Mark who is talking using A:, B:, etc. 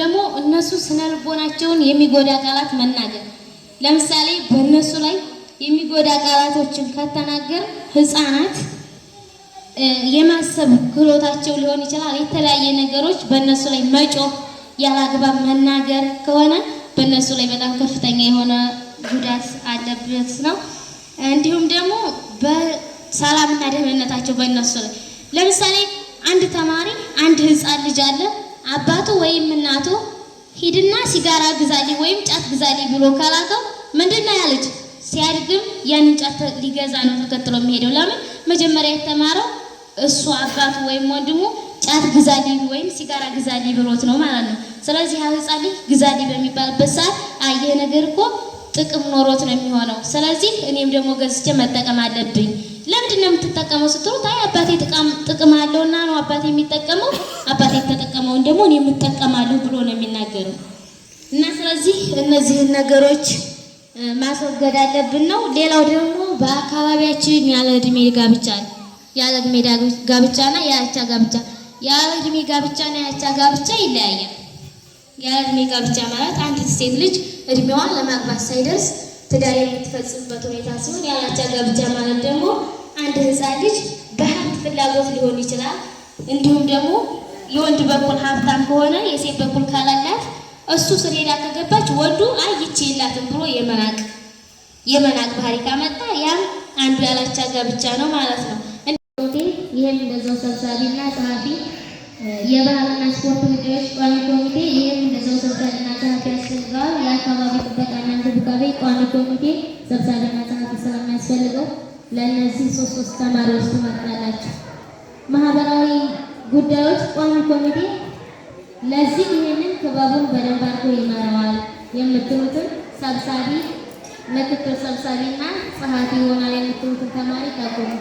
A: ደግሞ እነሱ ስነልቦናቸውን የሚጎዳ ቃላት መናገር፣ ለምሳሌ በእነሱ ላይ የሚጎዳ ቃላቶችን ከተናገር ህፃናት የማሰብ ክህሎታቸው ሊሆን ይችላል። የተለያየ ነገሮች በእነሱ ላይ መጮህ፣ ያላግባብ መናገር ከሆነ በእነሱ ላይ በጣም ከፍተኛ የሆነ ጉዳት አለበት ነው። እንዲሁም ደግሞ በሰላምና ደህንነታቸው በእነሱ ላይ ለምሳሌ አንድ ተማሪ አንድ ህፃን ልጅ አለ አባቱ ወይም እናቱ ሂድና ሲጋራ ግዛሊ ወይም ጫት ግዛሊ ብሎ ካላከው ምንድን ነው ያለች? ሲያድግም ያንን ጫት ሊገዛ ነው ተከትሎ የሚሄደው። ለምን መጀመሪያ የተማረው እሱ አባቱ ወይም ወንድሙ ጫት ግዛሊ ወይም ሲጋራ ግዛሊ ብሎት ነው ማለት ነው። ስለዚህ ህፃን ግዛሊ በሚባልበት ሰዓት አየህ ነገር እኮ ጥቅም ኖሮት ነው የሚሆነው። ስለዚህ እኔም ደግሞ ገዝቼ መጠቀም አለብኝ። ለምንድን ነው የምትጠቀመው ስትሉት አይ አባቴ ጥቅም አለውና ነው አባቴ የሚጠቀመው የሚናገረው እና ስለዚህ እነዚህን ነገሮች ማስወገድ አለብን ነው። ሌላው ደግሞ በአካባቢያችን ያለ እድሜ ጋብቻ ያለ እድሜ ጋብቻና ያቻ ጋብቻ ያለ እድሜ ጋብቻና ያቻ ጋብቻ ይለያያል። ያለ እድሜ ጋብቻ ማለት አንዲት ሴት ልጅ እድሜዋን ለማግባት ሳይደርስ ትዳር የምትፈጽምበት ሁኔታ ሲሆን ያላቻ ጋብቻ ማለት ደግሞ አንድ ህፃን ልጅ በሀብት ፍላጎት ሊሆን ይችላል እንዲሁም ደግሞ የወንድ በኩል ሀብታም ከሆነ የሴት በኩል ካላላት እሱ ስር ሄዳ ከገባች ወንዱ አይቺ የላትም ብሎ የመናቅ የመናቅ ባህሪ ካመጣ ያ አንዱ ያላቻ ጋብቻ ነው ማለት ነው። ይህም እንደዛው ሰብሳቢና ጸሐፊ የባህልና ስፖርት ጉዳዮች ቋሚ ኮሚቴ ይህም እንደዛው ሰብሳቢና ጸሐፊ ያስፈልገዋል። የአካባቢ ጥበቃና እንክብካቤ ቋሚ ኮሚቴ ሰብሳቢና ጸሐፊ ስለሚያስፈልገው ለእነዚህ ሶስት ሶስት ተማሪዎች ትመርጣላችሁ ማህበራዊ ጉዳዮች ቋሚ ኮሚቴ ለዚህ ይህንን ክበቡን በደንብ አድርጎ ይመራዋል የምትሉትን ሰብሳቢ፣ ምክትል ሰብሳቢ እና ጸሐፊ ይሆናል የምትሉትን ተማሪ ታቆሙ።